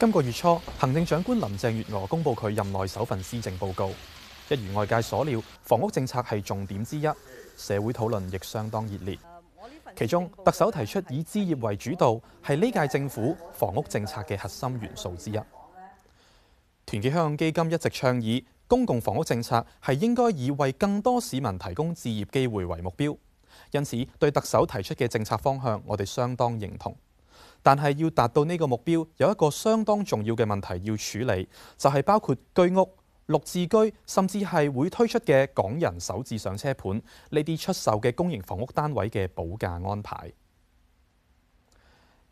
今個月初，行政長官林鄭月娥公布佢任內首份施政報告，一如外界所料，房屋政策係重點之一，社會討論亦相當熱烈。其中，特首提出以置業為主導，係呢屆政府房屋政策嘅核心元素之一。團結香港基金一直倡議，公共房屋政策係應該以為更多市民提供置業機會為目標，因此對特首提出嘅政策方向，我哋相當認同。但係要達到呢個目標，有一個相當重要嘅問題要處理，就係包括居屋、綠置居，甚至係會推出嘅港人首置上車盤呢啲出售嘅公營房屋單位嘅補價安排。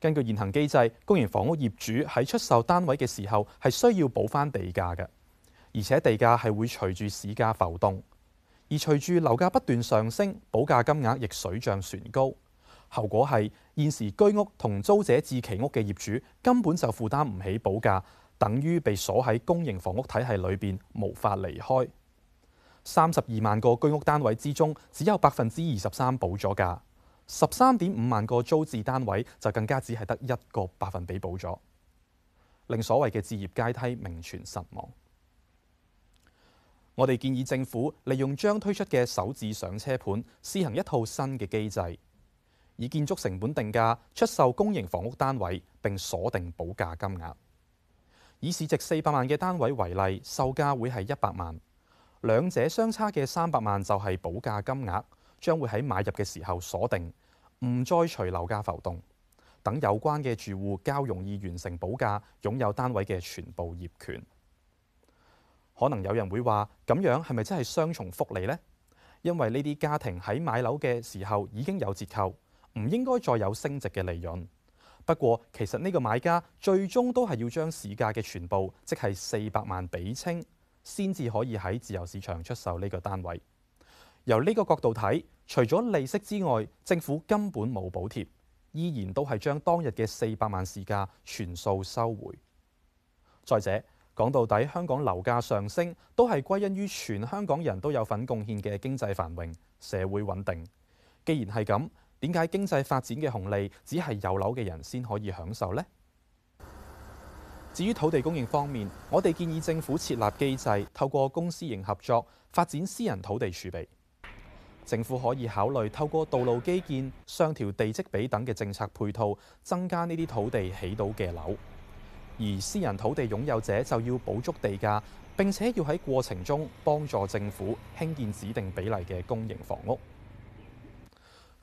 根據現行機制，公營房屋業主喺出售單位嘅時候係需要補翻地價嘅，而且地價係會隨住市價浮動，而隨住樓價不斷上升，補價金額亦水漲船高，後果係。現時居屋同租者置其屋嘅業主根本就負擔唔起補價，等於被鎖喺公營房屋體系裏邊，無法離開。三十二萬個居屋單位之中，只有百分之二十三補咗價，十三點五萬個租置單位就更加只係得一個百分比補咗，令所謂嘅置業階梯名存實亡。我哋建議政府利用將推出嘅首置上車盤，試行一套新嘅機制。以建築成本定價出售公營房屋單位，並鎖定補價金額。以市值四百萬嘅單位為例，售價會係一百萬，兩者相差嘅三百萬就係補價金額，將會喺買入嘅時候鎖定，唔再隨樓價浮動。等有關嘅住戶較容易完成補價，擁有單位嘅全部業權。可能有人會話：咁樣係咪真係雙重福利呢？因為呢啲家庭喺買樓嘅時候已經有折扣。唔應該再有升值嘅利潤。不過，其實呢個買家最終都係要將市價嘅全部，即係四百萬，俾清先至可以喺自由市場出售呢個單位。由呢個角度睇，除咗利息之外，政府根本冇補貼，依然都係將當日嘅四百萬市價全數收回。再者，講到底，香港樓價上升都係歸因於全香港人都有份貢獻嘅經濟繁榮、社會穩定。既然係咁，點解經濟發展嘅紅利只係有樓嘅人先可以享受呢？至於土地供應方面，我哋建議政府設立機制，透過公私營合作發展私人土地儲備。政府可以考慮透過道路基建、上調地積比等嘅政策配套，增加呢啲土地起到嘅樓。而私人土地擁有者就要補足地價，並且要喺過程中幫助政府興建指定比例嘅公營房屋。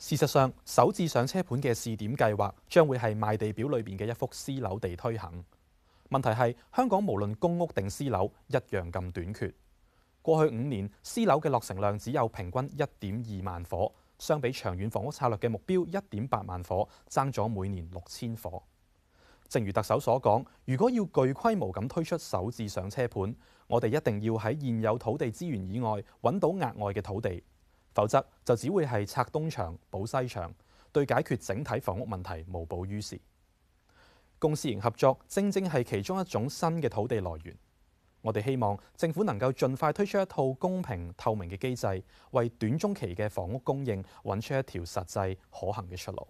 事實上，首置上車盤嘅試點計劃將會係賣地表裏面嘅一幅私樓地推行。問題係香港無論公屋定私樓一樣咁短缺。過去五年私樓嘅落成量只有平均一點二萬伙，相比長遠房屋策略嘅目標一點八萬伙，爭咗每年六千伙。正如特首所講，如果要具規模咁推出首置上車盤，我哋一定要喺現有土地資源以外揾到額外嘅土地。否則就只會係拆東牆補西牆，對解決整體房屋問題無補於事。公私營合作，正正係其中一種新嘅土地來源。我哋希望政府能夠盡快推出一套公平透明嘅機制，為短中期嘅房屋供應搵出一條實際可行嘅出路。